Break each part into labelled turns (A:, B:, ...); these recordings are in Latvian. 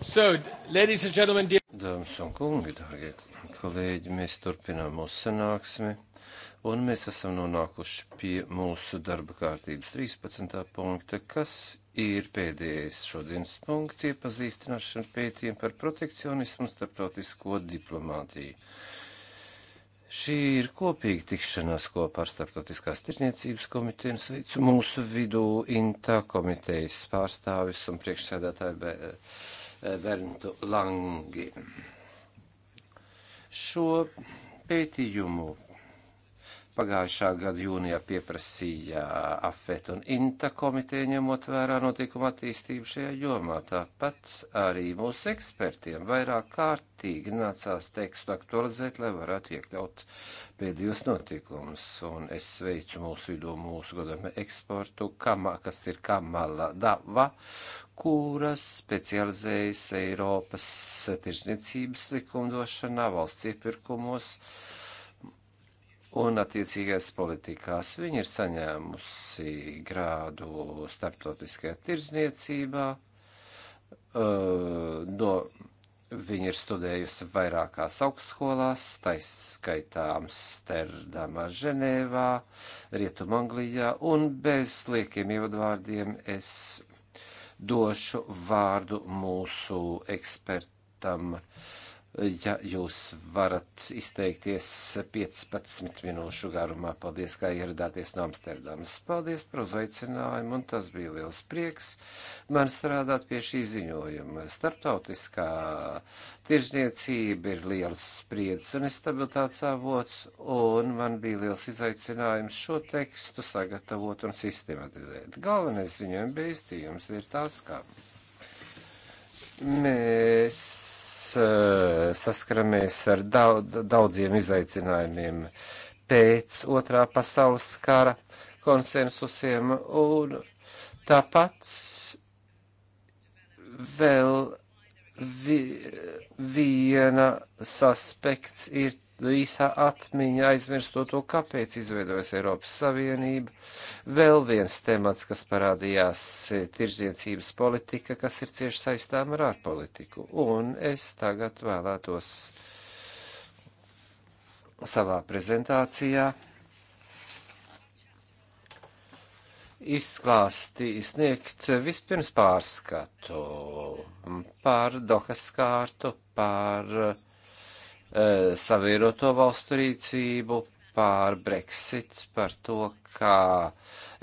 A: So, ladies and gentlemen, dear... Dāmas un kungi, dārgie kolēģi, mēs turpinām mūsu sanāksmi, un mēs esam nonākuši pie mūsu darba kārtības 13. punkta, kas ir pēdējais šodienas punkts - iepazīstināšana pētījiem par protekcionismu un starptautisko diplomātiju. Šī ir kopīga tikšanās kopā ar Startautiskās tirzniecības komiteju un sveicu mūsu vidū INTA komitejas pārstāvis un priekšsēdētāju Eh, Berntu Langi. Šo pētījumu pagājušā gada jūnijā pieprasīja AFET un INTA komiteja ņemot vērā notikuma attīstību šajā jomā. Tāpat arī mūsu ekspertiem vairāk kārtīgi nācās tekstu aktualizēt, lai varētu iekļaut pēdējos notikumus. Un es sveicu mūsu vidū mūsu godam eksportu, kamā, kas ir Kamala Dava, kuras specializējas Eiropas tirsniecības likumdošanā, valsts iepirkumos un attiecīgās politikās. Viņa ir saņēmusi grādu starptautiskajā tirzniecībā, no viņa ir studējusi vairākās augstskolās, taiskaitā Amsterdamā, Ženēvā, Rietumanglijā, un bez liekiem ievadvārdiem es došu vārdu mūsu ekspertam. Uh, ja jūs varat izteikties 15 minūšu garumā. Paldies, kā ieradāties no Amsterdamas. Paldies par uzveicinājumu, un tas bija liels prieks man strādāt pie šī ziņojuma. Startautiskā tirzniecība ir liels spriedzes un nestabilitātes avots, un man bija liels izaicinājums šo tekstu sagatavot un sistematizēt. Galvenais ziņojuma beistījums ir tas, ka. Kā Mēs eh, saskaramies ar daudz, daudziem izaicinājumiem pēc otrā pasaules kara konsensusiem un tāpat vēl vi, viena aspekts ir īsā atmiņa, aizmirstot to, kāpēc izveidojas Eiropas Savienība. Vēl viens temats, kas parādījās tirzniecības politika, kas ir cieši saistām ar ārpolitiku. Un es tagad vēlētos savā prezentācijā izklāsti sniegt vispirms pārskatu par Dohas kārtu, par uh, E, savienoto valstu rīcību, par Brexit, par to, kā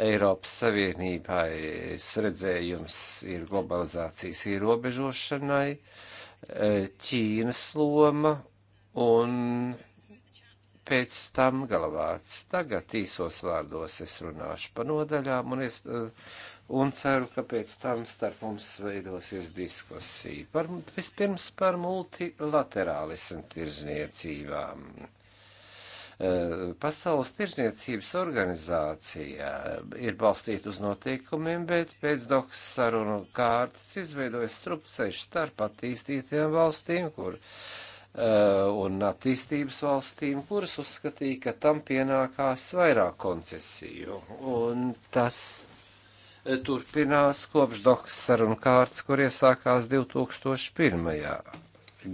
A: Eiropas Savienībai redzējums ir globalizācijas ierobežošanai, e, Ķīnas loma un pēc tam galavārds. Tagad īsos vārdos es runāšu pa nodaļām un es e, un ceru, ka pēc tam starp mums veidosies diskusija. Par, vispirms par multilaterālismu tirzniecībām. E, Pasaules tirzniecības organizācija ir balstīta uz noteikumiem, bet pēc doks sarunu kārtas izveidojas strupceļš starp attīstītajām valstīm, kur e, un attīstības valstīm, kuras uzskatīja, ka tam pienākās vairāk koncesiju. Un tas turpinās kopš Dohas sarunu kārtas, kur iesākās 2001.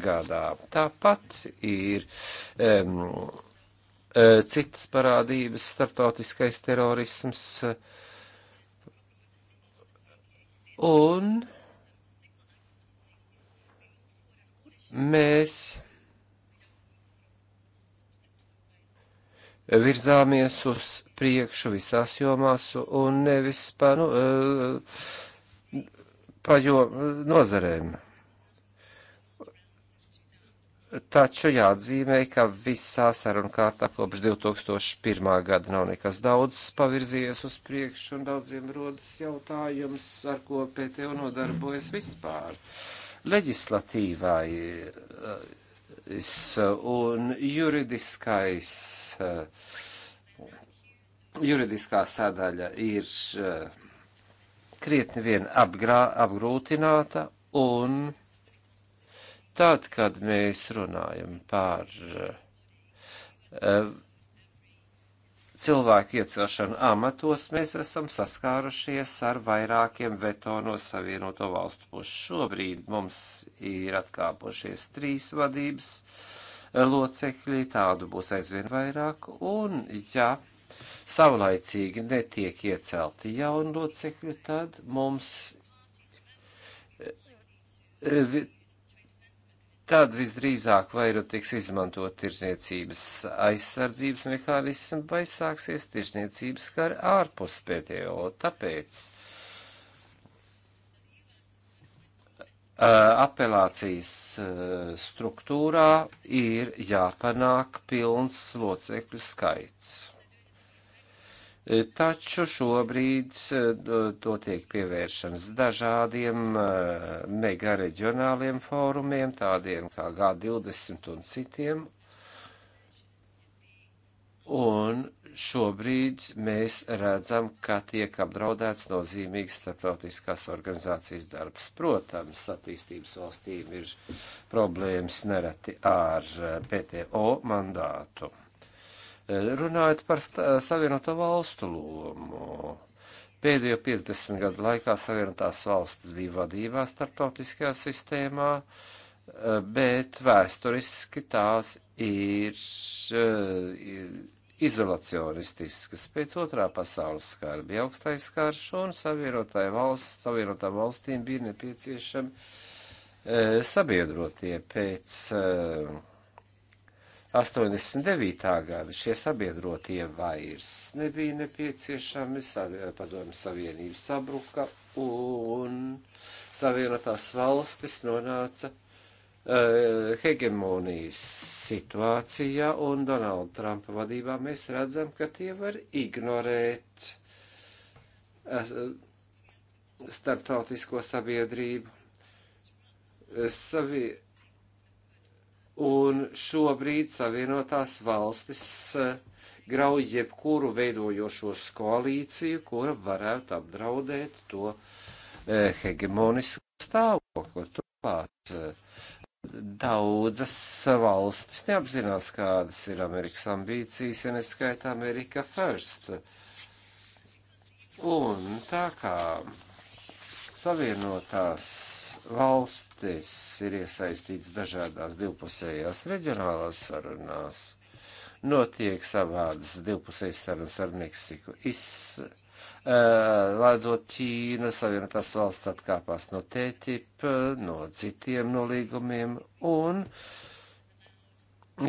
A: gadā. Tāpat ir um, citas parādības, starptautiskais terorisms un mēs virzāmies uz priekšu visās jomās un nevis pa, nu, eh, pa jo, nozarēm. Taču jāatzīmē, ka visā sarunu kārtā kopš 2001. gada nav nekas daudz pavirzījies uz priekšu, un daudziem rodas jautājums, ar ko PTO nodarbojas vispār. Leģislatīvai eh, debatis un juridiskais, eh, juridiskā sadaļa ir eh, krietni vien apgrā, apgrūtināta un tad, kad mēs runājam par eh, cilvēku iecelšanu amatos, mēs esam saskārušies ar vairākiem veto no Savienoto valstu puses. Šobrīd mums ir atkāpušies trīs vadības locekļi, tādu būs aizvien vairāk, un ja savlaicīgi netiek iecelti jauni locekļi, tad mums tad visdrīzāk vai nu tiks izmantot tirzniecības aizsardzības mehānismi, vai sāksies tirzniecības kari ārpus PTO. Tāpēc apelācijas struktūrā ir jāpanāk pilns locekļu skaits. Taču šobrīd eh, to tiek pievēršanas dažādiem eh, mega reģionāliem fórumiem, tādiem kā G20 un citiem. Un šobrīd mēs redzam, ka tiek apdraudēts nozīmīgs starptautiskās organizācijas darbs. Protams, attīstības valstīm ir problēmas nereti ar eh, PTO mandātu Runājot par Savienoto valstu lomu, pēdējo 50 gadu laikā Savienotās valstis bija vadībā starptautiskajā sistēmā, eh, bet vēsturiski tās ir eh, izolacionistiskas. Pēc otrā pasaules kara bija augstais karš, un valsts, savienotām valstīm bija nepieciešami e, sabiedrotie pēc. E, 89. gada šie sabiedrotie vairs nebija nepieciešami, padomju savienība sabruka un savienotās valstis nonāca uh, hegemonijas situācijā un Donalda Trumpa vadībā mēs redzam, ka tie var ignorēt uh, starptautisko sabiedrību. Uh, savi, un šobrīd Savienotās valstis eh, grauj jebkuru veidojošos koalīciju, kura varētu apdraudēt to eh, hegemonisku stāvokli. Turklāt eh, daudzas valstis neapzinās, kādas ir Amerikas ambīcijas, ja neskaita Amerika First. Un tā kā Savienotās valstis ir iesaistīts dažādās divpusējās reģionālās sarunās. Notiek savādas divpusējas sarunas ar Meksiku. Iz, lēdzot Ķīnu, Savienotās valsts atkāpās no TTIP, no citiem nolīgumiem, un uh,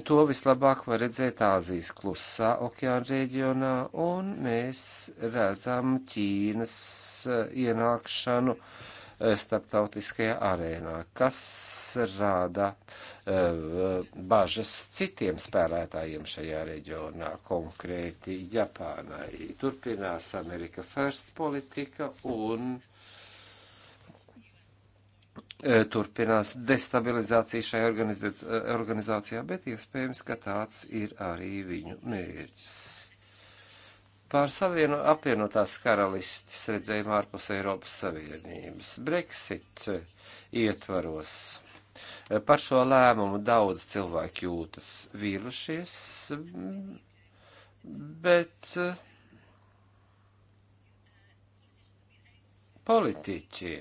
A: To vislabāk var redzēt Āzijas klusā okeāna reģionā, un mēs redzam Ķīnas eh, ienākšanu eh, starptautiskajā arēnā, kas rāda eh, bažas citiem spēlētājiem šajā reģionā, konkrēti Japānai. Turpinās Amerika First politika un E, turpinās destabilizācija šajā e, organizācijā, bet iespējams, ka tāds ir arī viņu mērķis. Pār savienu apvienotās karalistes redzējumu ārpus Eiropas Savienības. Brexit e, ietvaros. Par šo lēmumu daudz cilvēku jūtas vīlušies, bet politiķi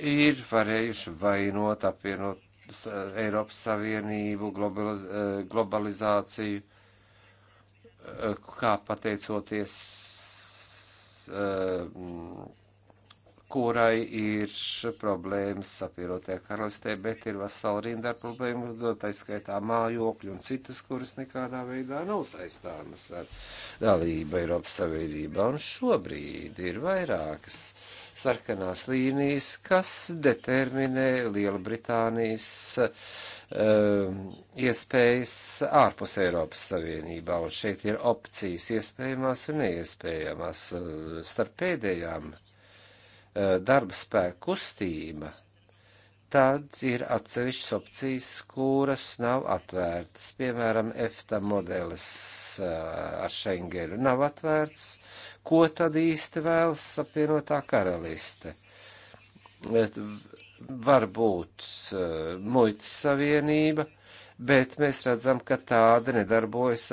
A: ir varējuši vainot apvienot Eiropas Savienību, e, globalizāciju, e, kā pateicoties, e, kurai ir problēmas apvienotajā karalistē, bet ir vesela rinda ar problēmu, tā skaitā mājokļi un citas, kuras nekādā veidā nav saistāmas ar dalību Eiropas Savienībā. Un šobrīd ir vairākas. Uh, sarkanās līnijas, kas determinē Lielbritānijas um, iespējas ārpus Eiropas Savienībā, un šeit ir opcijas iespējamās un neiespējamās. Starp pēdējām uh, darba spēka kustība tad ir atsevišķas opcijas, kuras nav atvērtas. Piemēram, EFTA modelis uh, ar Schengenu nav atvērts, ko tad īsti vēlas apvienotā karaliste. Varbūt eh, muitas savienība, bet mēs redzam, ka tāda nedarbojas,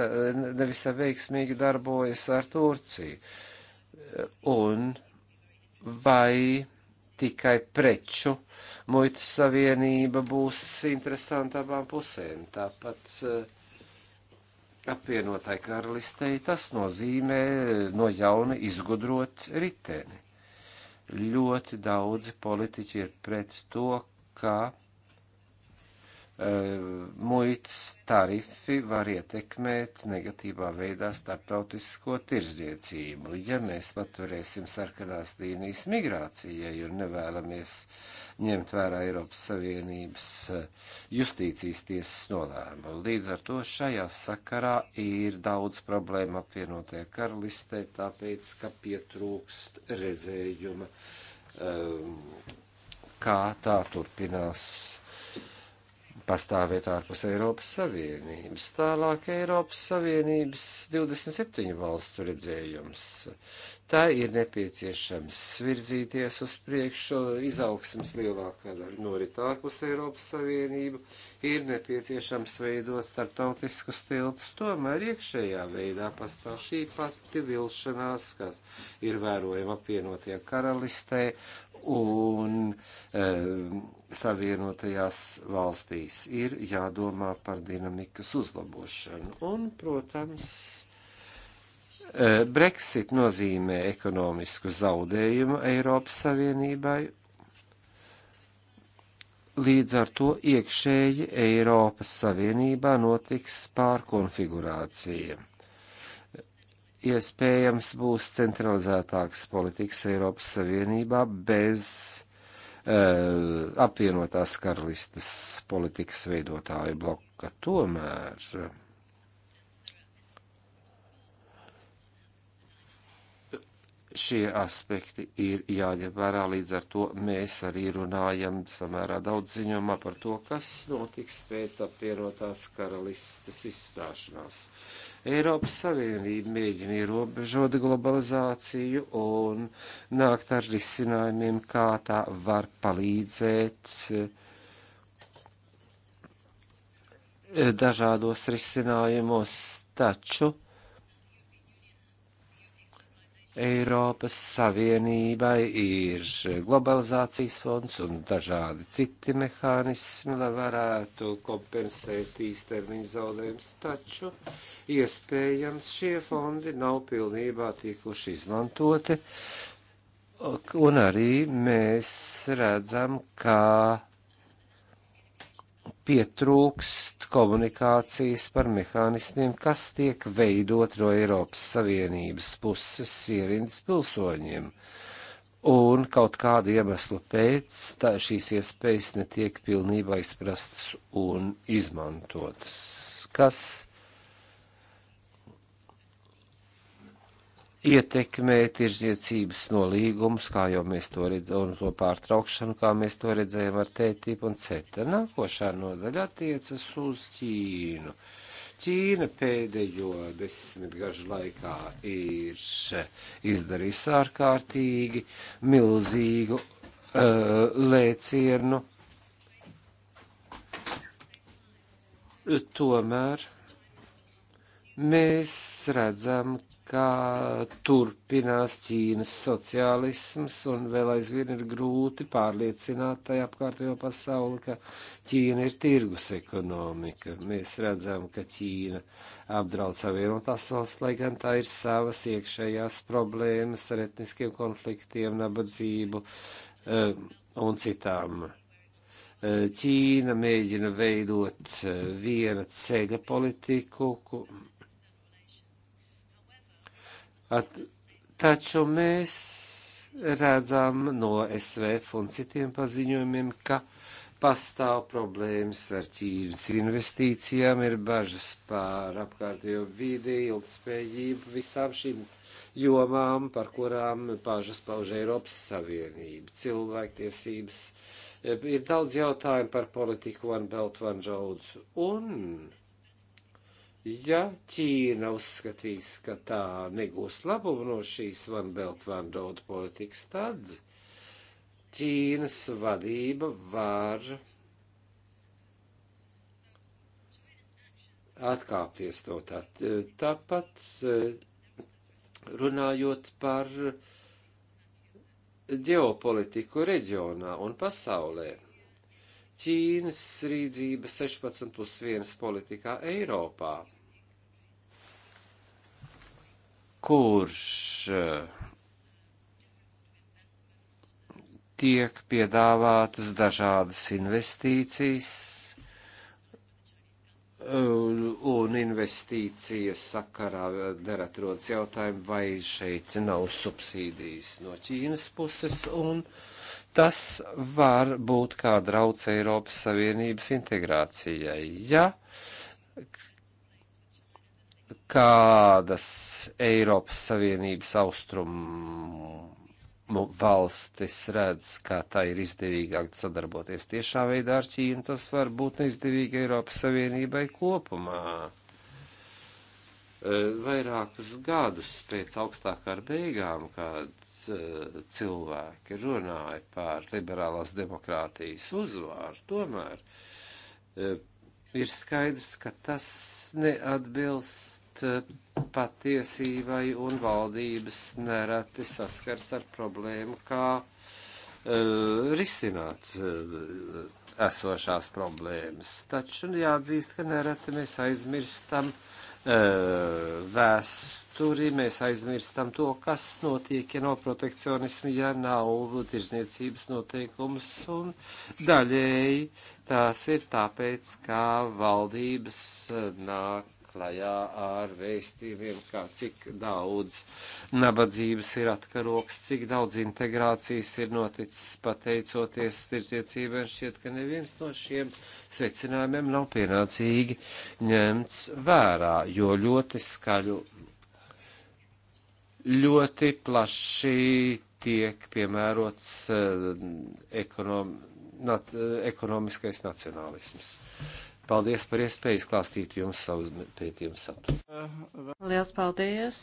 A: nevisai veiksmīgi darbojas ar Turciju. Un vai tikai preču muitas savienība būs interesanta abām pusēm? Tāpat uh, apvienotai karalistei, tas nozīmē no jauna izgudrot riteni. Ļoti daudzi politiķi ir pret to, ka muitas tarifi var ietekmēt negatīvā veidā starptautisko tirzniecību. Ja mēs paturēsim sarkanās līnijas migrācijai un nevēlamies ņemt vērā Eiropas Savienības eh, justīcijas tiesas nolēmu. Līdz ar to šajā sakarā ir daudz problēma apvienotajā karalistē, tāpēc, ka pietrūkst redzējuma, um, kā tā turpinās pastāvēt ārpus Eiropas Savienības. Tālāk Eiropas Savienības 27 valstu redzējums. Tā ir nepieciešams virzīties uz priekšu, izaugsmas lielākā daļa norit ārpus Eiropas Savienību, ir nepieciešams veidot starptautiskus tilpus, tomēr iekšējā veidā pastāv šī pati vilšanās, kas ir vērojama apvienotie karalistē un um, Savienotajās valstīs ir jādomā par dinamikas uzlabošanu. Un, protams, e, Brexit nozīmē ekonomisku zaudējumu Eiropas Savienībai Līdz ar to iekšēji Eiropas Savienībā notiks pārkonfigurācija. Iespējams būs centralizētāks politikas Eiropas Savienībā bez Eh, apvienotās karalistas politikas veidotāju bloka. Tomēr eh, šie aspekti ir jāņem vērā. Līdz ar to mēs arī runājam samērā daudz ziņojumā par to, kas notiks pēc apvienotās karalistas izstāšanās. Uh, Eiropas Savienība mēģina ierobežot globalizāciju un nākt ar risinājumiem, kā tā var palīdzēt eh, dažādos risinājumos, taču Eiropas Savienībai ir globalizācijas fonds un dažādi citi mehānismi, lai varētu kompensēt īstermiņa zaudējumus, taču iespējams šie fondi nav pilnībā tikuši izmantoti, un arī mēs redzam, ka pietrūkst komunikācijas par mehānismiem, kas tiek veidot no Eiropas Savienības puses ierindas pilsoņiem un kaut kādu iemeslu pēc tā, šīs iespējas netiek pilnībā izprastas un izmantotas, kas ietekmē tirzniecības nolīgumus, kā jau mēs to redzam, un to pārtraukšanu, kā mēs to redzējām ar tētību un ceta. Nākošā nodaļa attiecas uz Ķīnu. Ķīna pēdējo desmitgažu laikā ir izdarījusi ārkārtīgi milzīgu uh, lēcienu. Tomēr mēs redzam, ka turpinās Ķīnas sociālisms un vēl aizvien ir grūti pārliecināt tajā apkārtējo pasauli, ka Ķīna ir tirgus ekonomika. Mēs redzam, ka Ķīna apdraud savienotās valsts, lai gan tā ir savas iekšējās problēmas ar etniskiem konfliktiem, nabadzību eh, un citām. Eh, Ķīna mēģina veidot eh, viena ceļa politiku, At, taču mēs redzam no SVF un citiem paziņojumiem, ka pastāv problēmas ar Ķīnas investīcijām, ir bažas pār apkārtējo vidi, ilgtspējību, visām šīm jomām, par kurām bažas pauž Eiropas Savienība, cilvēktiesības. E, ir daudz jautājumu par politiku One Belt, One Roads, un Ja Ķīna uzskatīs, ka tā negūs labumu no šīs One Belt One Road politikas, tad Ķīnas vadība var atkāpties no tā. Tāpat eh, runājot par ģeopolitiku reģionā un pasaulē. Ķīnas rīdzība 16 plus 1 politikā Eiropā kurš eh, tiek piedāvātas dažādas investīcijas, eh, un investīcijas sakarā deratrodas jautājumu, vai šeit nav subsīdijas no Ķīnas puses, un tas var būt kā drauds Eiropas Savienības integrācijai. Ja kādas Eiropas Savienības austrumu valstis redz, kā tā ir izdevīgāk sadarboties tiešā veidā ar Ķīnu, tas var būt neizdevīgi Eiropas Savienībai kopumā. Eh, vairākus gadus pēc augstākā ar beigām, kad eh, cilvēki runāja par liberālās demokrātijas uzvāru, tomēr eh, ir skaidrs, ka tas neatbilst būt eh, patiesībai, un valdības nereti saskars ar problēmu, kā uh, risināt uh, esošās problēmas. Taču jāatzīst, ka nereti mēs aizmirstam uh, vēstuli vēsturi, mēs aizmirstam to, kas notiek, ja nav protekcionismu, ja nav tirzniecības noteikums, un daļēji tās ir tāpēc, kā valdības nāk klajā ar vēstījumiem, kā cik daudz nabadzības ir atkaroks, cik daudz integrācijas ir noticis pateicoties tirdzniecībai. Šķiet, ka neviens no šiem secinājumiem nav pienācīgi ņemts vērā, jo ļoti skaļu, ļoti plaši tiek piemērots eh, ekonom, nat, ekonomiskais nacionālisms. Paldies par iespēju izklāstīt jums savus pētījumus saturu.
B: Liels paldies!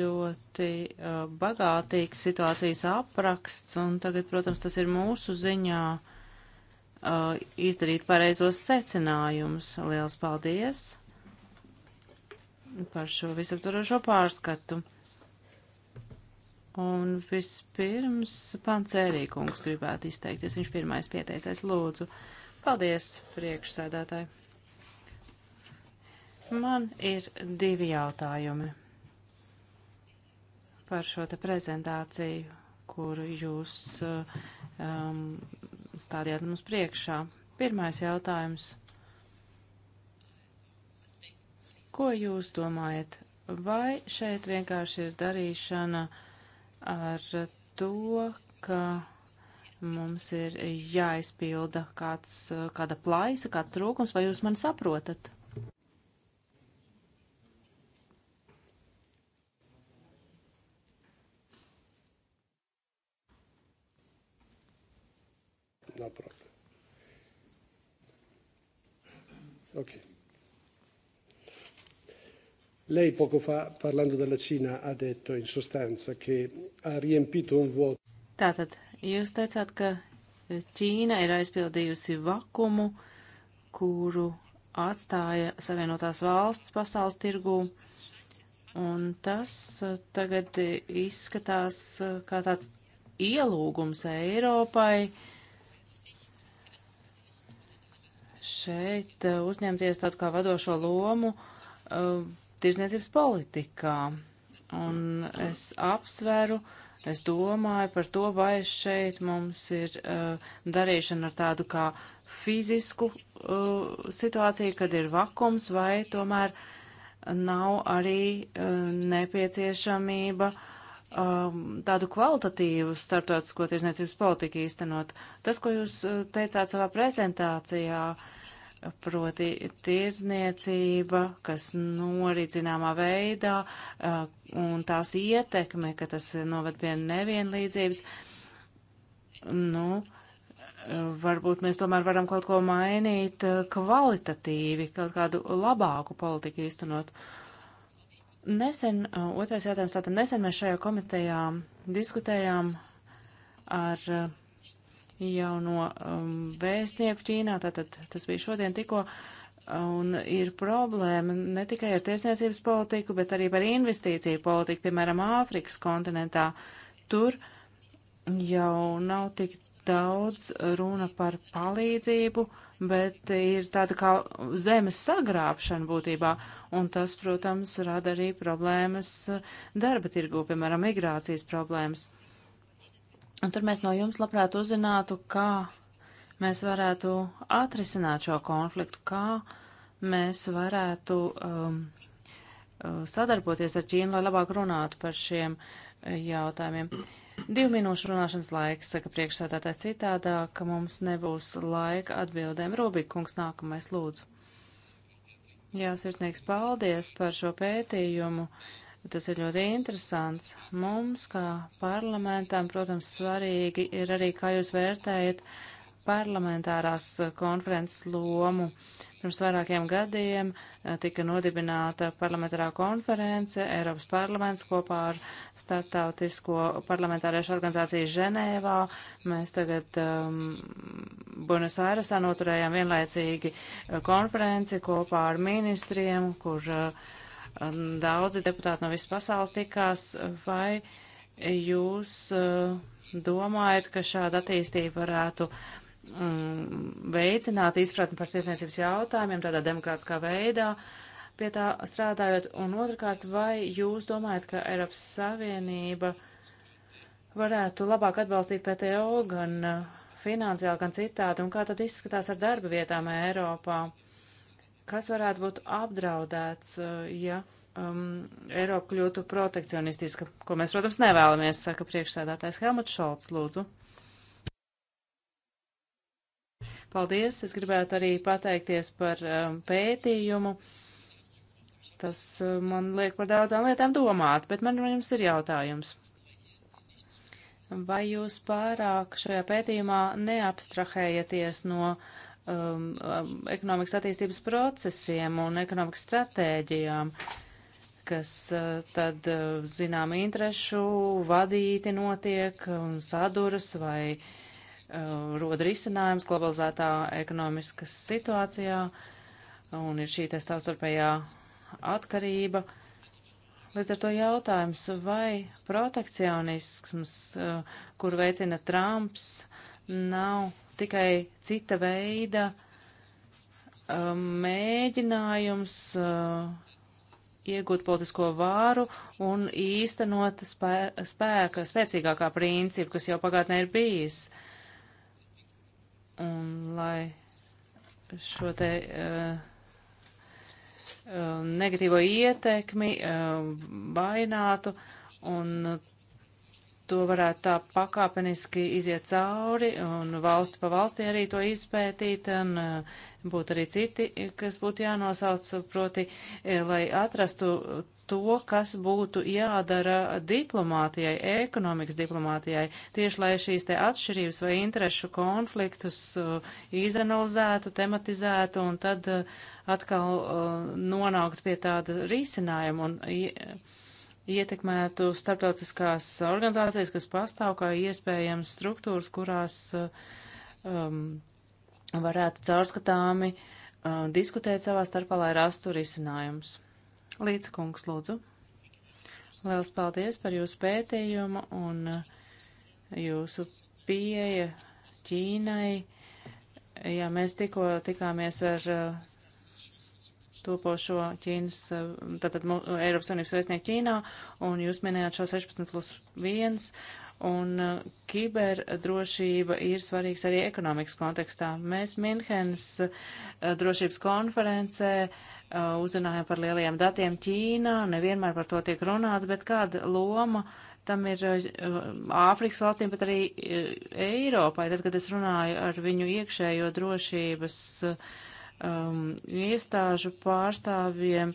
B: Ļoti uh, bagātīgs situācijas apraksts, un tagad, protams, tas ir mūsu ziņā uh, izdarīt pareizos secinājumus. Liels paldies par šo visaptvarošo pārskatu. Un vispirms pants Ērīkungs gribētu izteikties, viņš pirmais pieteicēs lūdzu. Uh, Paldies, priekšsēdētāji. Man ir divi jautājumi par šo te prezentāciju, kuru jūs um, stādījāt mums priekšā. Pirmais jautājums. Ko jūs domājat? Vai šeit vienkārši ir darīšana ar to, ka Mums ir jāizpilda kāds, kāda plaisa, kāds trūkums, vai jūs mani saprotat?
A: no problem. Ok. Lei poco fa, parlando della Cina, ha detto in sostanza che ha riempito un vuoto.
B: Tātad Jūs teicāt, ka Ķīna ir aizpildījusi vakumu, kuru atstāja Savienotās valsts pasaules tirgū, un tas uh, tagad izskatās uh, kā tāds ielūgums Eiropai šeit uh, uzņemties tādu kā vadošo lomu tirzniecības politikā. Un es apsveru uh, Es domāju par to, vai šeit mums ir uh, darīšana ar tādu kā fizisku uh, situāciju, kad ir vakums, vai tomēr nav arī uh, nepieciešamība um, tādu kvalitatīvu starptautisko tirzniecības politiku īstenot. Tas, ko jūs teicāt savā prezentācijā, uh, proti tirdzniecība, kas norit zināmā veidā, un tās ietekme, ka tas noved pie nevienlīdzības, nu, varbūt mēs tomēr varam kaut ko mainīt kvalitatīvi, kaut kādu labāku politiku īstenot. Nesen, otrais jautājums, tātad nesen mēs šajā komitejā diskutējām ar uh, jauno um, vēstnieku Ķīnā, tātad tas bija šodien tikko. Un ir problēma ne tikai ar tiesniecības politiku, bet arī par investīciju politiku, piemēram, Āfrikas kontinentā. Tur jau nav tik daudz runa par palīdzību, bet ir tāda kā zemes sagrābšana būtībā, un tas, protams, rada arī problēmas darba tirgū, piemēram, migrācijas problēmas. Un tur mēs no jums labprāt uzzinātu, kā mēs varētu atrisināt šo konfliktu, kā mēs varētu um, uh, sadarboties ar Ķīnu, lai labāk runātu par šiem uh, jautājumiem. Divu minūšu runāšanas laiks, saka priekšsādātājs citādā, ka mums nebūs laika atbildēm. Rūbīgi kungs nākamais lūdzu. Jā, sirsnīgs paldies par šo pētījumu. Uh, Tas ir ļoti interesants. Mums, kā parlamentam, protams, svarīgi ir arī, kā jūs vērtējat parlamentārās konferences lomu. Pirms vairākiem gadiem eh, tika nodibināta parlamentārā konference Eiropas parlaments kopā ar Startautisko parlamentāriešu organizāciju Ženēvā. Mēs tagad um, Buenos Airesā noturējām vienlaicīgi eh, konferenci kopā ar ministriem, kur uh, daudzi deputāti no visas pasaules tikās, vai jūs eh, domājat, ka šāda attīstība varētu mm, veicināt izpratni par tiesniecības jautājumiem tādā demokrātiskā veidā, pie tā strādājot, un otrkārt, vai jūs domājat, ka Eiropas Savienība varētu labāk atbalstīt PTO gan eh, finansiāli, gan citādi, un kā tad izskatās ar darba vietām Eiropā? kas varētu būt apdraudēts, eh, ja um, Eiropa kļūtu protekcionistiska, ko mēs, protams, nevēlamies, saka priekšsēdātājs Helmuts Šolts, lūdzu. Paldies, es gribētu arī pateikties par um, pētījumu. Tas um, man liek par daudzām lietām domāt, bet man jums ir jautājums. Vai jūs pārāk šajā pētījumā neapstrahējaties no uh, Um, um, ekonomikas attīstības procesiem un ekonomikas stratēģijām, kas uh, tad, uh, zinām, interešu vadīti notiek un um, saduras vai uh, roda risinājums globalizētā ekonomiskas situācijā un ir šī te savstarpējā atkarība. Uh, Līdz ar to jautājums, vai protekcionisms, uh, kur veicina Trumps, nav tikai cita veida um, mēģinājums uh, iegūt politisko vāru un īstenot spē, spēka, spēcīgākā principu, kas jau pagātnē ir bijis. Un lai šo te uh, uh negatīvo ietekmi uh, vainātu un to varētu tā pakāpeniski iziet cauri un valsti pa valstī arī to izpētīt, un eh, būtu arī citi, kas būtu jānosauc, proti, eh, lai atrastu to, kas būtu jādara diplomātijai, ekonomikas diplomātijai, tieši lai šīs te atšķirības vai interešu konfliktus uh, izanalizētu, tematizētu un tad uh, atkal uh, nonākt pie tāda risinājuma. Un, ietekmētu starptautiskās organizācijas, kas pastāv kā iespējams struktūras, kurās uh, um, varētu caurskatāmi uh, diskutēt savā starpā, lai rastu risinājums. Līdz kungs, lūdzu. Liels paldies par jūsu pētījumu un uh, jūsu pieeja Ķīnai. Jā, mēs tikko tikāmies ar uh, topošo Ķīnas, eh, tātad Eiropas Savienības vēstnieku Ķīnā, un jūs minējāt šo 16 plus 1, un eh, kiberdrošība ir svarīgs arī ekonomikas kontekstā. Mēs Minhenes eh, drošības konferencē uzrunājām par lielajiem datiem Ķīnā, nevienmēr par to tiek runāts, bet kāda loma tam ir Āfrikas valstīm, bet arī Eiropai, tad, kad es runāju ar viņu iekšējo drošības uh, um, iestāžu pārstāvjiem,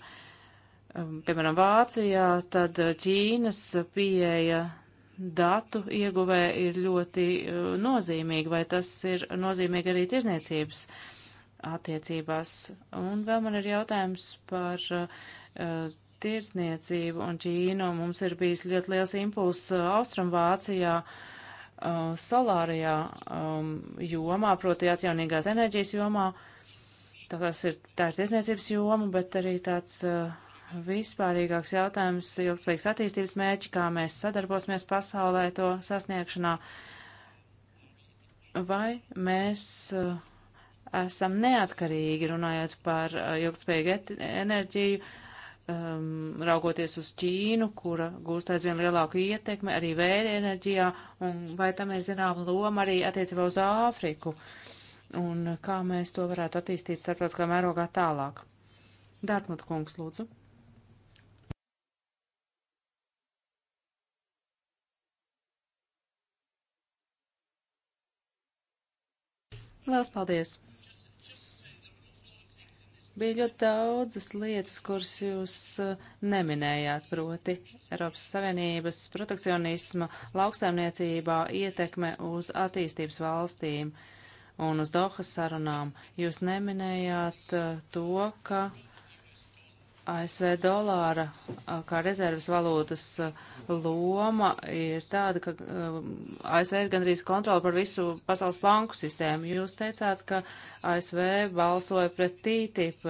B: um, piemēram, Vācijā, tad Ķīnas pieeja datu ieguvē ir ļoti uh, nozīmīga, vai tas ir nozīmīgi arī tirzniecības attiecībās. Un vēl man ir jautājums par uh, tirzniecību un Ķīnu. Mums ir bijis ļoti liels impulss uh, Austrumvācijā. Uh, solārajā um, jomā, proti atjaunīgās enerģijas jomā, uh, Tas ir, tā ir tiesniecības joma, bet arī tāds uh, vispārīgāks jautājums - ilgspējīgs attīstības mērķi, kā mēs sadarbosimies pasaulē to sasniegšanā. Vai mēs uh, esam neatkarīgi runājot par uh, ilgspējīgu enerģiju, um, raugoties uz Ķīnu, kura gūst aizvien lielāku ietekmi arī vēja enerģijā, un vai tam ir zināma loma arī attiecībā uz Āfriku? Uh, un kā mēs to varētu attīstīt starptautiskā mērogā tālāk. Dārtmut kungs, lūdzu. Lielas paldies! Bija ļoti daudzas lietas, kuras jūs uh, neminējāt, proti Eiropas Savienības protekcionisma lauksaimniecībā ietekme uz attīstības valstīm. Uh, un uz Dohas sarunām. Jūs neminējāt uh, to, ka ASV dolāra uh, kā rezerves valūtas uh, loma ir tāda, ka ASV ir gandrīz kontrola par visu pasaules banku sistēmu. Jūs teicāt, ka ASV balsoja pret TTIP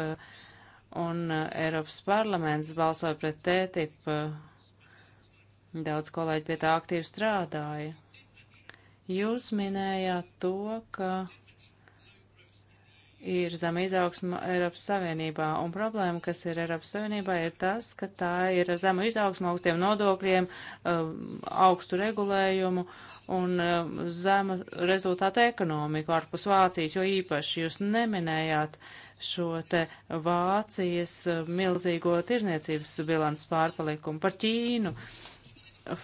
B: un Eiropas parlaments balsoja pret TTIP. Daudz kolēģi pie tā aktīvi strādāja. Jūs minējāt to, ka ir zem izaugsma Eiropas Savienībā, un problēma, kas ir Eiropas Savienībā, ir tas, ka tā ir zem izaugsma augstiem nodokļiem, um, augstu regulējumu un um, zema rezultāta ekonomiku ārpus Vācijas, jo īpaši jūs neminējāt šo te Vācijas um, milzīgo tirzniecības bilants pārpalikumu par Ķīnu.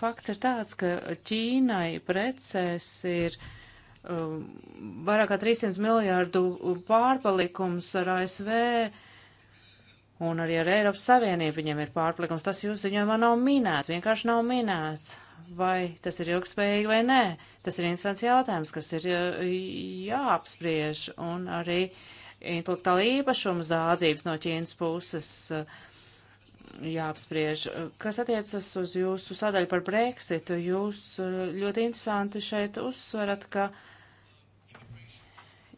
B: Fakts ir tāds, ka Ķīnai preces ir uh, Um, vairāk kā 300 miljārdu pārpalikums ar ASV un arī ar Eiropas Savienību viņiem ir pārpalikums. Tas jūs ziņojumā nav minēts, vienkārši nav minēts. Vai tas ir ilgspējīgi vai nē? Tas ir viens viens jautājums, kas ir jāapspriež un arī intelektuāla īpašuma zādzības no Ķīnas puses uh, jāapspriež. Kas attiecas uz jūsu sadaļu par Brexitu, jūs uh, ļoti interesanti šeit uzsverat, ka uh,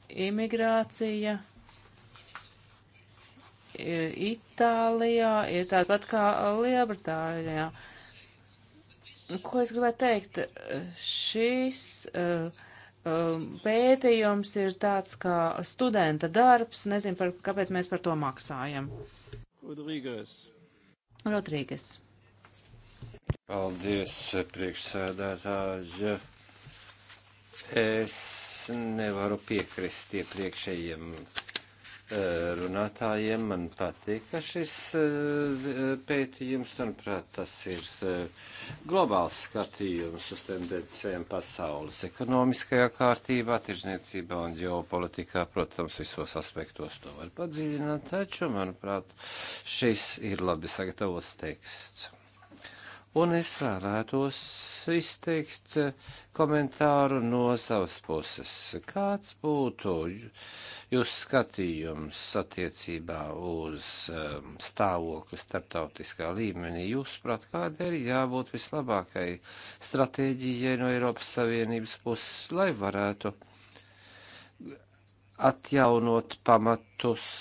B: imigrācija Itālijā ir tāda pat kā Lielbritānijā. Ko es gribētu teikt? Šis uh, pētījums ir tāds kā studenta darbs, nezinu, par, kāpēc mēs par to maksājam. Rodrīgas. Rodrīgas.
A: Paldies, priekšsēdētāji. Es nevaru piekrist iepriekšējiem eh, runātājiem. Man patīk, ka šis eh, pētījums, manuprāt, tas ir eh, globāls skatījums uz tendencēm pasaules ekonomiskajā kārtībā, tirzniecībā un ģeopolitikā. Protams, visos aspektos to var padziļināt, taču, manuprāt, šis ir labi sagatavots teksts un es vēlētos izteikt komentāru no savas puses. Kāds būtu jūs skatījums attiecībā uz um, stāvokli starptautiskā līmenī? Jūs prāt, kāda ir jābūt vislabākai stratēģijai no Eiropas Savienības puses, lai varētu atjaunot pamatus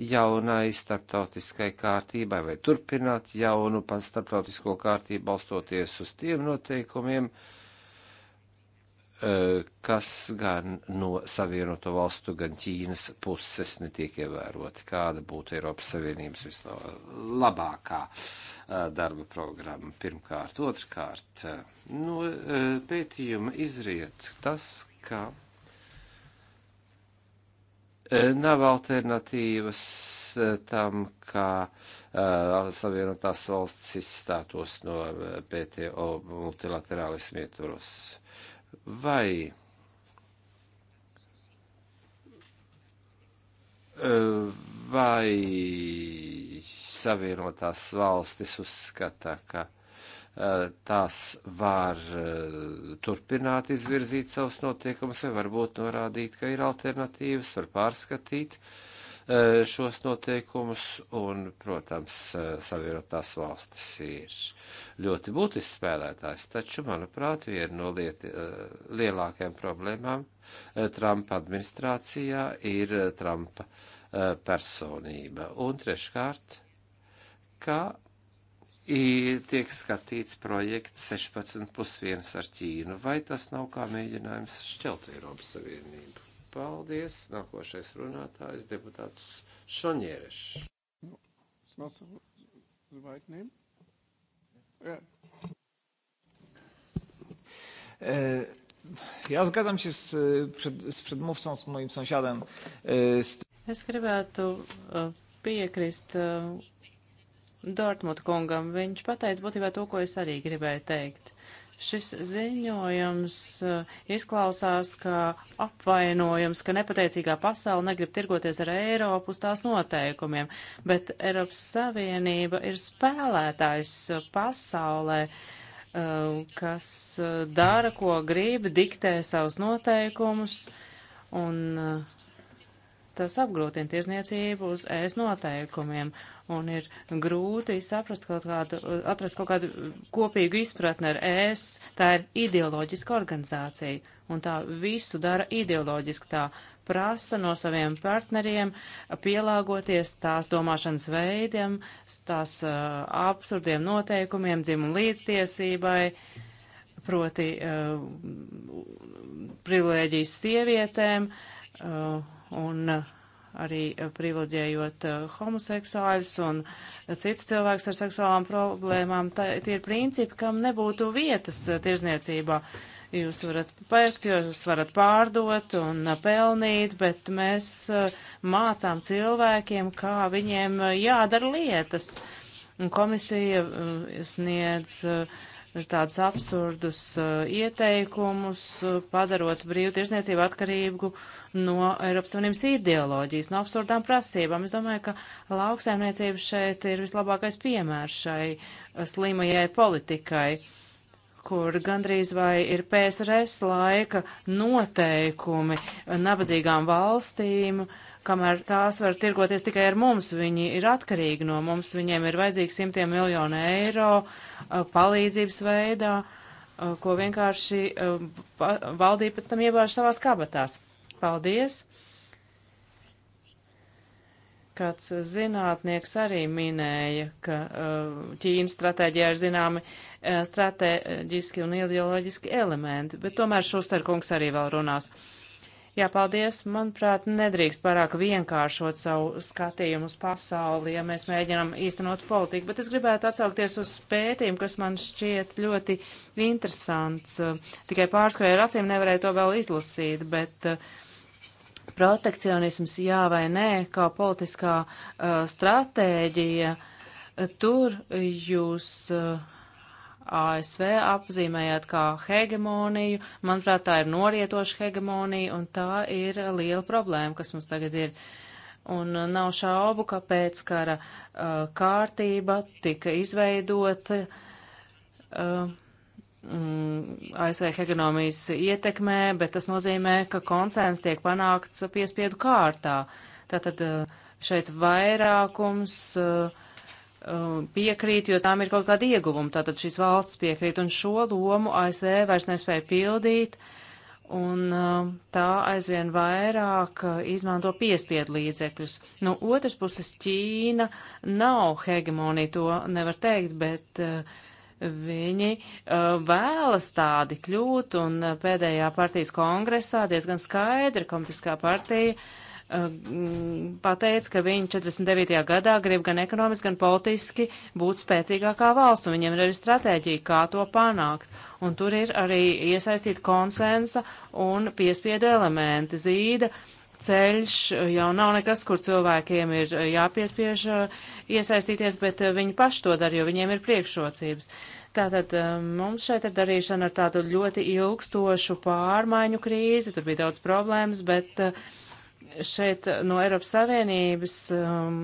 A: jaunai starptautiskai kārtībai vai turpināt jaunu starptautisko kārtību balstoties uz tiem noteikumiem, eh, kas gan no Savienoto valstu, gan Ķīnas puses netiek ievēroti. Kāda būtu Eiropas Savienības vislabākā eh, darba programma pirmkārt, otrkārt? Eh, no pētījuma izriet tas, ka E, nav alternatīvas e, tam, kā uh, Savienotās valsts izstātos no PTO multilaterālismu ietvaros. Vai uh, Vai savienotās valstis uzskata, ka uh, Eh, tās var eh, turpināt izvirzīt savus notiekumus, vai varbūt norādīt, ka ir alternatīvas, var pārskatīt eh, šos noteikumus, un, protams, savienotās valstis ir ļoti būtisks spēlētājs, taču, manuprāt, viena no lieti, lielākajām problēmām Trumpa administrācijā ir Trumpa personība. Un treškārt, kā ir, tiek skatīts projekts 16,1 ar Ķīnu. Vai tas nav kā mēģinājums šķelt Eiropas Savienību? Paldies! Nākošais runātājs deputāts Šoņērešs. No,
B: right yeah.
A: e, ja zgadzam się z, przed, z przedmówcą, z moim sąsiadem. Eh, z...
B: Es gribētu eh, piekrist eh, Dortmut kungam. Viņš pateica būtībā to, ko es arī gribēju teikt. Šis ziņojums eh, izklausās, ka apvainojums, ka nepateicīgā pasaule negrib tirgoties ar Eiropu uz tās noteikumiem, bet Eiropas Savienība ir spēlētājs pasaulē eh, kas eh, dara, ko grib, diktē savus noteikumus, un tas apgrūtina tirzniecību uz ēst noteikumiem un ir grūti saprast kaut kādu, atrast kaut kādu kopīgu izpratni ar ES. Tā ir ideoloģiska organizācija, un tā visu dara ideoloģiski. Tā prasa no saviem partneriem pielāgoties tās domāšanas veidiem, tās uh, absurdiem noteikumiem, dzimumu līdztiesībai. Proti uh, privilēģijas sievietēm uh, un uh, arī eh, privileģējot eh, homoseksuāļus un citus cilvēkus ar seksuālām problēmām. Tā, tie ir principi, kam nebūtu vietas eh, tirzniecībā. Jūs varat pērkt, jūs varat pārdot un pelnīt, bet mēs mācām cilvēkiem, kā viņiem jādara lietas. Un komisija sniedz uh, tādus absurdus uh, ieteikumus, uh, padarot brīvtirzniecību atkarību no Eiropas Savienības ideoloģijas, no absurdām prasībām. Es domāju, ka lauksaimniecība šeit ir vislabākais piemērs šai uh, slimajai politikai, kur gandrīz vai ir PSRS laika noteikumi nabadzīgām valstīm. Uh, kamēr tās var tirgoties tikai ar mums. Viņi ir atkarīgi no mums, viņiem ir vajadzīgi simtiem miljonu eiro uh, palīdzības veidā, uh, ko vienkārši uh, valdība pēc tam iebāž savās kabatās. Paldies! Kāds zinātnieks arī minēja, ka Ķīnas stratēģijā ir zināmi stratēģiski un ideoloģiski elementi, bet tomēr Šusterkungs arī vēl runās. Uh, Jā, paldies. Manuprāt, nedrīkst pārāk vienkāršot savu skatījumu uz pasauli, ja mēs mēģinām īstenot politiku, bet es gribētu atsaukties uz pētījumu, kas man šķiet ļoti interesants. Tikai pārskrēju ar acīm nevarēju to vēl izlasīt, bet eh, protekcionisms jā vai nē, kā politiskā uh, stratēģija, eh, tur jūs. Uh, ASV apzīmējāt kā hegemoniju. Manuprāt, tā ir norietoša hegemonija, un tā ir liela problēma, kas mums tagad ir. Un uh, nav šaubu, ka pēckara uh, kārtība tika izveidota uh, mm, ASV hegemonijas ietekmē, bet tas nozīmē, ka konsens tiek panākts piespiedu kārtā. Tātad uh, šeit vairākums. Uh, Um, piekrīt, jo tām ir kaut kāda ieguvuma. Tātad šīs valsts piekrīt, un šo lomu ASV vairs nespēja pildīt, un um, tā aizvien vairāk uh, izmanto piespiedu līdzekļus. No otras puses, Ķīna nav hegemonija, to nevar teikt, bet uh, viņi uh, vēlas tādi kļūt, un pēdējā partijas kongresā diezgan skaidri, komitiskā partija, Ehm, pateica, ka viņi 49. gadā grib gan ekonomiski, gan politiski būt spēcīgākā valsts, un viņiem ir arī stratēģija, kā to panākt. Un tur ir arī iesaistīta konsensa un piespiedu elementi. Zīda ceļš jau nav nekas, kur cilvēkiem ir jāpiespiež eh, iesaistīties, bet eh, viņi paši to dara, jo viņiem ir priekšrocības. Tātad eh, mums šeit ir darīšana ar tādu ļoti ilgstošu pārmaiņu krīzi, tur bija daudz problēmas, bet uh, šeit no Eiropas Savienības um,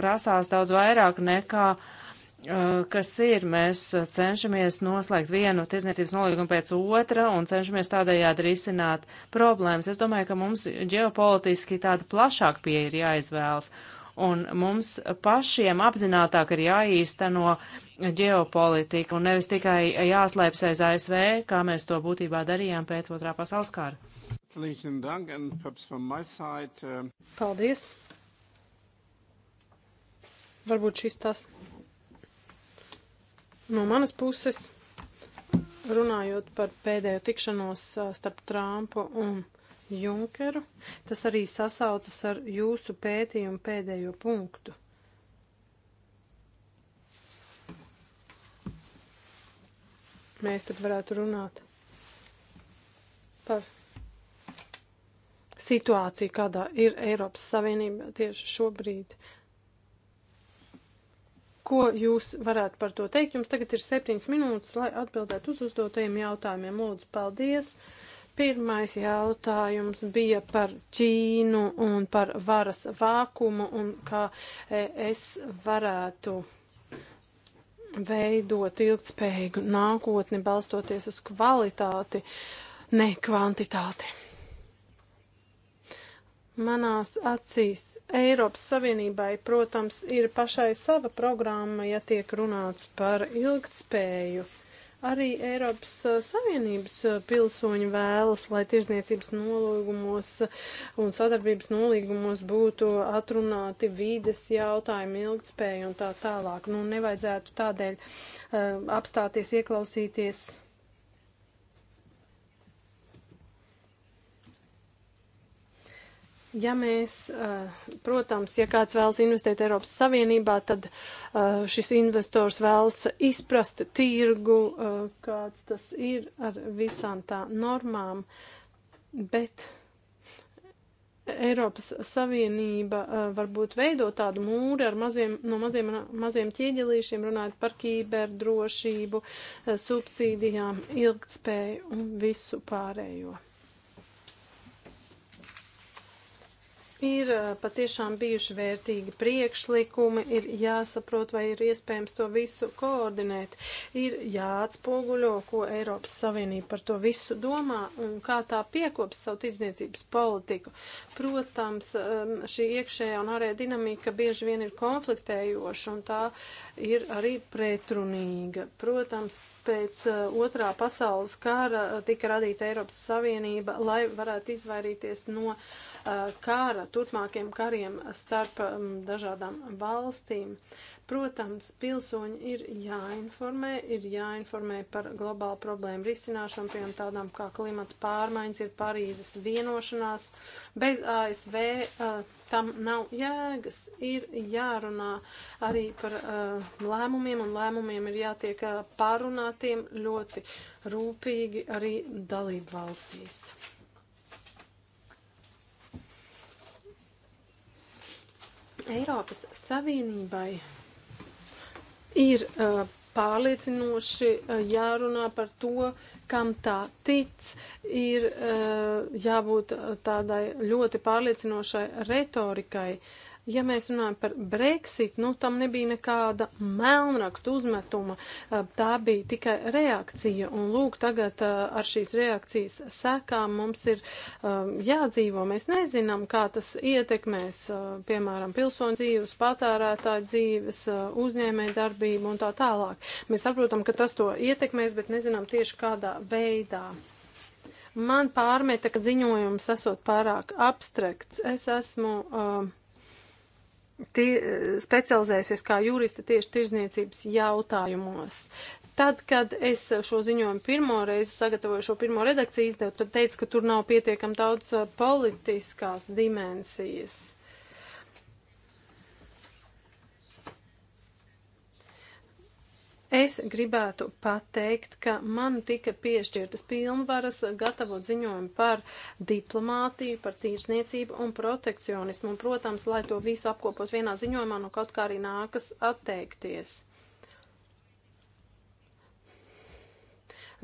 B: prasās daudz vairāk nekā uh, kas ir. Mēs cenšamies noslēgt vienu tirzniecības nolīgumu pēc otra un cenšamies tādējādi risināt problēmas. Es domāju, ka mums ģeopolitiski tāda plašāka pieeja ir jāizvēlas. Un mums pašiem apzinātāk ir jāīsteno ģeopolitika un nevis tikai jāslēpjas aiz ASV, kā mēs to būtībā darījām pēc otrā pasaules kara.
A: Herzlichen Dank, and perhaps from my side. Uh...
C: Paldies. Varbūt šis tas no manas puses, runājot par pēdējo tikšanos starp Trumpu un Junkeru, tas arī sasaucas ar jūsu pētījumu pēdējo punktu. Mēs tad varētu runāt par situāciju, kādā ir Eiropas Savienība tieši šobrīd. Ko jūs varētu par to teikt? Jums tagad ir septiņas minūtes, lai atbildētu uz uzdotajiem jautājumiem. Lūdzu, paldies! Pirmais jautājums bija par Ķīnu un par varas vākumu un kā e, es varētu veidot ilgspējīgu nākotni balstoties uz kvalitāti, ne kvantitāti. Manās acīs Eiropas Savienībai, protams, ir pašai sava programma, ja tiek runāts par ilgtspēju. Arī Eiropas uh, Savienības uh, pilsoņi vēlas, lai tirzniecības nolīgumos uh, un sadarbības nolīgumos būtu atrunāti vīdes jautājumi, ilgtspēja un tā tālāk. Nu, nevajadzētu tādēļ uh, apstāties, ieklausīties Ja mēs, eh, protams, ja kāds vēlas investēt Eiropas Savienībā, tad eh, šis investors vēlas izprast tirgu, eh, kāds tas ir ar visām tā normām, bet Eiropas Savienība varbūt veido tādu mūri ar maziem, no maziem, maziem ķieģelīšiem, runājot par kiberdrošību, subsīdijām, ilgtspēju un visu pārējo. Ir eh, patiešām bijuši vērtīgi priekšlikumi, ir jāsaprot, vai ir iespējams to visu koordinēt, ir jāatspoguļo, ko Eiropas Savienība par to visu domā un kā tā piekops savu tirdzniecības politiku. Protams, ehm, šī iekšējā un ārējā dinamika bieži vien ir konfliktējoša un tā ir arī pretrunīga. Protams, pēc uh, otrā pasaules kara eh, tika radīta Eiropas Savienība, lai varētu izvairīties no uh, Uh, kara, turpmākiem kariem starp um, dažādām valstīm. Protams, pilsoņi ir jāinformē, ir jāinformē par globālu problēmu risināšanu, piemēram, tādām kā klimata pārmaiņas, ir Parīzes vienošanās. Bez ASV uh, tam nav jēgas, ir jārunā arī par uh, lēmumiem, un lēmumiem ir jātiek uh, pārunātiem ļoti rūpīgi arī dalību valstīs. Eiropas Savienībai ir uh, pārliecinoši uh, jārunā par to, kam tā tic, ir uh, jābūt uh, tādai ļoti pārliecinošai retorikai. Uh, Ja mēs runājam par Brexit, nu tam nebija nekāda melnrakstu uzmetuma, tā bija tikai reakcija. Un lūk, tagad ar šīs reakcijas sekām mums ir jādzīvo. Mēs nezinām, kā tas ietekmēs, piemēram, pilsoņu dzīves, patērētāju dzīves, uzņēmēju darbību un tā tālāk. Mēs saprotam, ka tas to ietekmēs, bet nezinām tieši kādā veidā. Man pārmeta, ka ziņojums esot pārāk abstrakts. Es esmu uh, specializējusies kā juriste tieši tirzniecības jautājumos. Tad, kad es šo ziņojumu pirmo reizi sagatavoju, šo pirmo redakciju izdevu, tad teica, ka tur nav pietiekam daudz uh, politiskās dimensijas. Es gribētu pateikt, ka man tika piešķirtas pilnvaras gatavot ziņojumu par diplomātiju, par tīrsniecību un protekcionismu. Un, protams, lai to visu apkopot vienā ziņojumā, no nu, kaut kā arī nākas atteikties.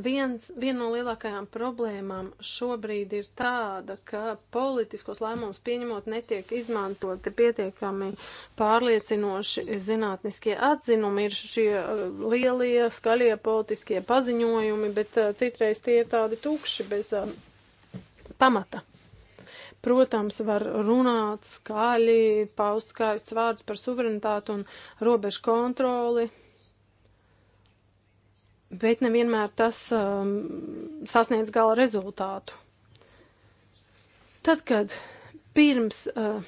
C: Viens, viena no lielākajām problēmām šobrīd ir tāda, ka politiskos lēmumus pieņemot netiek izmantoti pietiekami pārliecinoši zinātniskie atzinumi, ir šie uh, lielie, skaļie politiskie paziņojumi, bet uh, citreiz tie ir tādi tukši bez um, pamata protams, var runāt skaļi, paust skaistus vārdus par suverenitāti un robežu kontroli bet nevienmēr tas um, sasniedz gala rezultātu. Tad, kad pirms uh,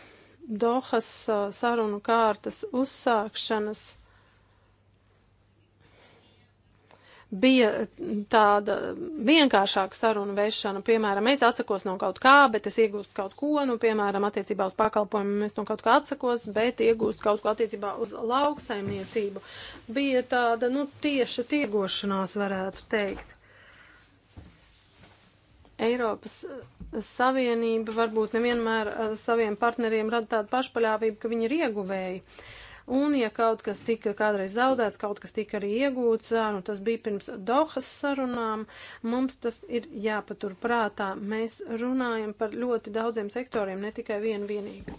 C: Dohas uh, sarunu kārtas uzsākšanas bija tāda vienkāršāka saruna vešana. Piemēram, es atsakos no kaut kā, bet es iegūstu kaut ko, nu, piemēram, attiecībā uz pakalpojumiem es no kaut kā atsakos, bet iegūstu kaut ko attiecībā uz lauksaimniecību. Bija tāda, nu, tieša tiegošanās, varētu teikt. Eiropas eh, Savienība varbūt nevienmēr eh, saviem partneriem rada tādu pašpaļāvību, ka viņi ir ieguvēji. Uh, Un, ja kaut kas tika kādreiz zaudēts, kaut kas tika arī iegūts, nu, tas bija pirms Dohas sarunām, mums tas ir jāpatur prātā. Mēs runājam par ļoti daudziem sektoriem, ne tikai vienu vienīgu.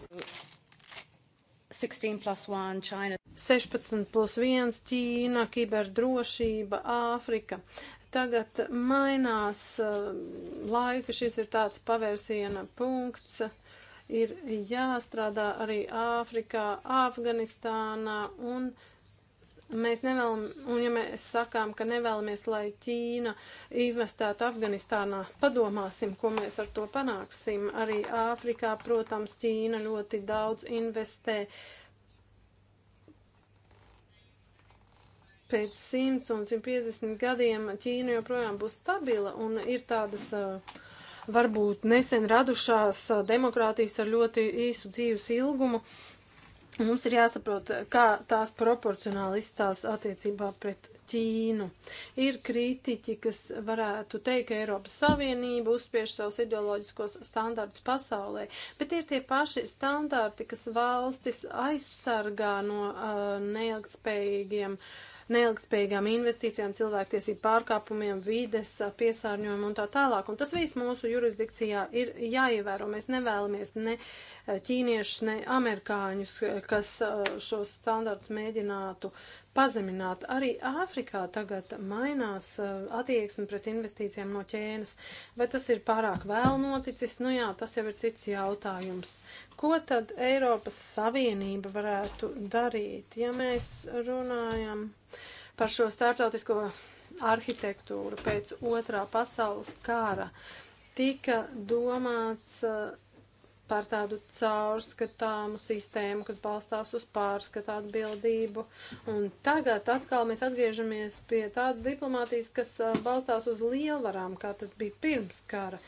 C: 16 plus 1, China. 16 plus 1, Ķīna, kiberdrošība, Āfrika tagad mainās laika, šis ir tāds pavērsiena punkts ir jāstrādā arī Āfrikā, Afganistānā un mēs nevēlam, un ja mēs sakām, ka nevēlamies, lai Ķīna investētu Afganistānā, padomāsim, ko mēs ar to panāksim. Arī Āfrikā, protams, Ķīna ļoti daudz investē. Pēc 100 un 150 gadiem Ķīna joprojām būs stabila un ir tādas uh, varbūt nesen radušās demokrātijas ar ļoti īsu dzīves ilgumu. Mums ir jāsaprot, kā tās proporcionāli izstās attiecībā pret Ķīnu. Ir kritiķi, kas varētu teikt, ka Eiropas Savienība uzspiež savus ideoloģiskos standārtus pasaulē, bet ir tie paši standārti, kas valstis aizsargā no uh, neilgtspējīgiem uh, neilgtspējīgām investīcijām, cilvēktiesību pārkāpumiem, vides piesārņojumu un tā tālāk. Un tas viss mūsu jurisdikcijā ir jāievēro. Mēs nevēlamies ne ķīniešus, ne amerikāņus, kas šos standartus mēģinātu pazemināt. Arī Āfrikā tagad mainās uh, attieksme pret investīcijām no ķēnas, vai tas ir pārāk vēl noticis, nu jā, tas jau ir cits jautājums. Ko tad Eiropas Savienība varētu darīt, ja mēs runājam par šo startautisko arhitektūru pēc otrā pasaules kara? Tika domāts uh, par tādu caurskatāmu sistēmu, kas balstās uz pārskatu atbildību. Un tagad atkal mēs atgriežamies pie tādas diplomātijas, kas balstās uz lielvarām, kā tas bija pirms kara.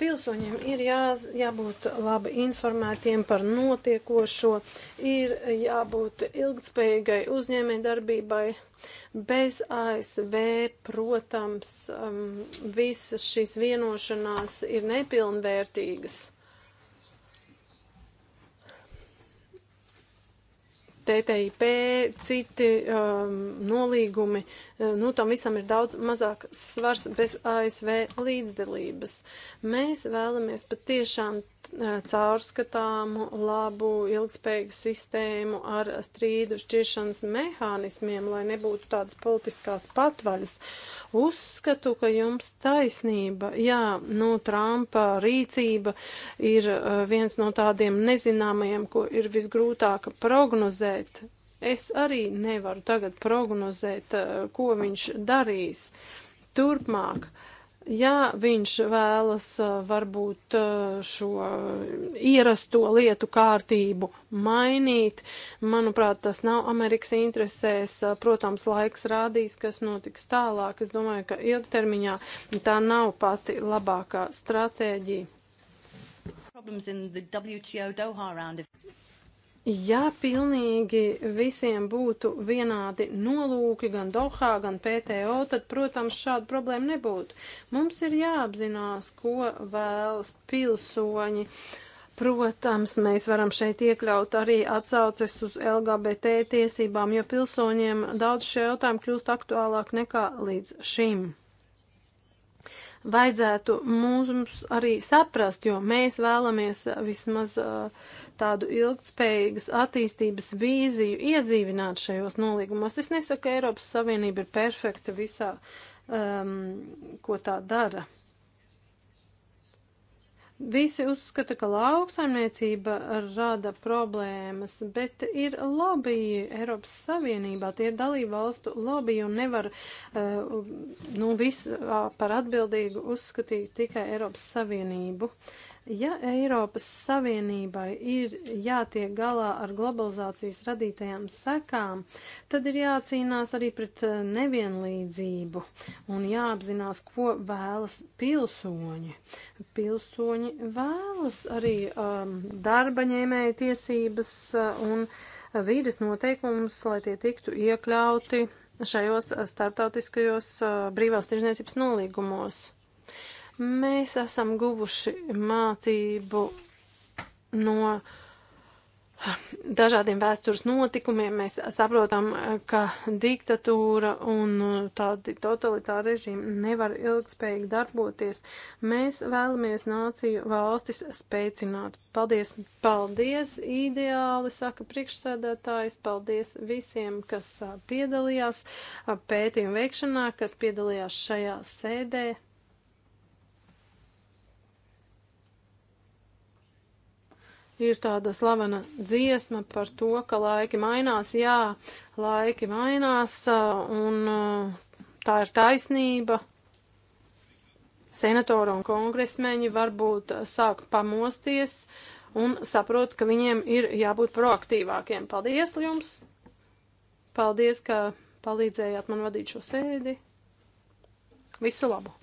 C: Pilsoņiem ir jā, jābūt labi informētiem par notiekošo, ir jābūt ilgspējīgai uzņēmē darbībai. Bez ASV, protams, um, visas šīs vienošanās ir nepilnvērtīgas. TTIP, citi um, nolīgumi, uh, nu tam visam ir daudz mazāk svars bez ASV līdzdalības. Mēs vēlamies patiešām Eh, caurskatāmu, labu, ilgspējīgu sistēmu ar strīdu šķiršanas mehānismiem, lai nebūtu tādas politiskās patvaļas. Uzskatu, ka jums taisnība, jā, nu, Trumpa rīcība ir eh, viens no tādiem nezināmajiem, ko ir visgrūtāk prognozēt. Es arī nevaru tagad prognozēt, eh, ko viņš darīs turpmāk. Uh, Ja viņš vēlas varbūt šo ierasto lietu kārtību mainīt, manuprāt, tas nav Amerikas interesēs. Protams, laiks rādīs, kas notiks tālāk. Es domāju, ka ilgtermiņā tā nav pati labākā stratēģija. Ja pilnīgi visiem būtu vienādi nolūki gan Dohā, gan PTO, tad, protams, šāda problēma nebūtu. Mums ir jāapzinās, ko vēlas pilsoņi. Protams, mēs varam šeit iekļaut arī atsauces uz LGBT tiesībām, jo pilsoņiem daudz šie jautājumi kļūst aktuālāk nekā līdz šim vajadzētu mums arī saprast, jo mēs vēlamies vismaz uh, tādu ilgtspējīgas attīstības vīziju iedzīvināt šajos nolīgumos. Es nesaku, ka Eiropas Savienība ir perfekta visā, um, ko tā dara. Visi uzskata, ka lauksaimniecība rada problēmas, bet ir lobby Eiropas Savienībā, tie ir dalība valstu lobby un nevar uh, nu, visu uh, par atbildīgu uzskatīt tikai Eiropas Savienību. Ja Eiropas Savienībai ir jātiek galā ar globalizācijas radītajām sekām, tad ir jācīnās arī pret eh, nevienlīdzību un jāapzinās, ko vēlas pilsoņi. Pilsoņi vēlas arī um, darba ņēmēja tiesības uh, un vīdes noteikumus, lai tie tiktu iekļauti šajos eh, starptautiskajos brīvās tirzniecības nolīgumos. Mēs esam guvuši mācību no dažādiem vēstures notikumiem mēs saprotam, ka diktatūra un tādi totalitāri režīmi nevar ilgspējīgi darboties. Mēs vēlamies nāciju valstis spēcināt. Paldies, paldies, ideāli, saka priekšsēdētājs, paldies visiem, kas piedalījās pētījuma veikšanā, kas piedalījās šajā sēdē. ir tāda slavena dziesma par to, ka laiki mainās, jā, laiki mainās, uh, un uh, tā ir taisnība. Senatori un kongresmeņi varbūt uh, sāk pamosties un saprot, ka viņiem ir jābūt proaktīvākiem. Paldies jums! Paldies, ka palīdzējāt man vadīt šo sēdi. Visu labu!